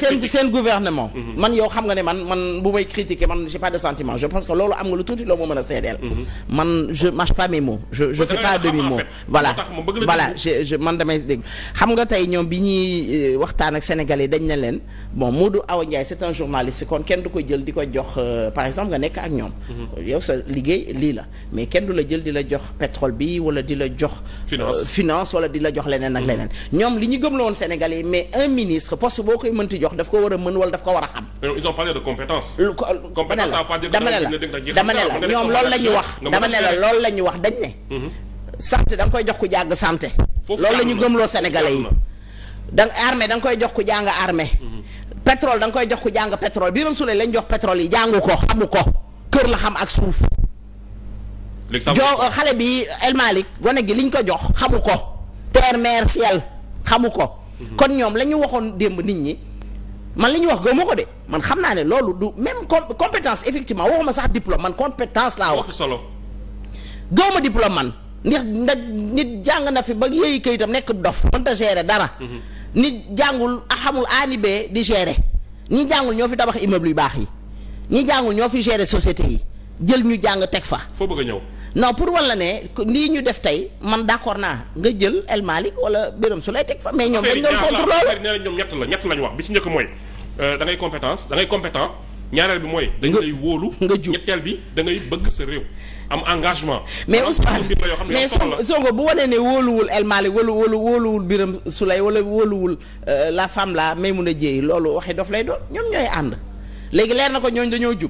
seen seen gouvernement mhm. man yow xam nga ne man man bu may critiquer man j'ai pas de sentiment je pense que loolu am nga lu tuuti loo ma mën a seedeel mhm. man je mâche pas mes mots je je pas demi mot je man euh, euh, nekk ak ñoom mhm. yow sa liggéey lii la mais kenn du la jël di la jox pétrole bi wala di la jox euh, finance wala di la jox leneen ak leneen ñoom li ñu gëm la woon sénégalais mais un ministre poste boo koy mënti jox jox daf ko war a mën wala daf ko war a xam. ils ont parlé de compétence. lu ko compétence ça pas dama ne la ñoom loolu la wax. dama ne la loolu la wax dañ ne. Mhm. santé da nga koy jox ku jàng santé. foofu loolu gëmloo sénégalais yi. da nga armée da nga koy jox ku jàng armée. Mhm. pétrole da nga koy jox ku jàng pétrole Birame Souleye lañ jox pétrole yi jàngu ko xamu ko kër la xam ak suuf. Euh, xale bi El Malick gone gi liñ ko jox xamu ko terre mer ciel xamu ko mhm. kon ñoom la ñu waxoon démb nit ñi man li ñu wax gëmuma ko de man xam naa ne loolu du même com compétence effectivement waxuma sax diplôme man compétence laa wax. solo gëmuma diplôme man ndax ndax nit jàng na fi ba yooyu tam nekk dof mënta gérer dara. Mhm. nit jàngul xamul aani bee di gere ñi jàngul ñoo fi tabax immeuble yu baax yi ñi jàngul ñoo fi gere société yi jël ñu jàng teg fa. foo bëgg a ñëw. non pour wala ne nii ñu def tey man d'accord naa nga jël El Malick wala Birame Souleye teg fa mais ñoom dañ doon contre loolu nee na ñoom ñett la ñett lañu wax bi ci njëkk mooy euh, da ngay compétence da bi mooy dañ lay wóolu nga jub ñetteel bi da ngay bëgg sa réew am engagement mais Ousmane mais Sonko bu wanee ne wóoluwul El Malick wala wala wóoluwul Birame Souleye wala wóoluwul euh, la femme la Maïmouna Dièye loolu waxi dof lay doon ñoom ñooy ànd léegi leer na ko ñooñ dañoo jub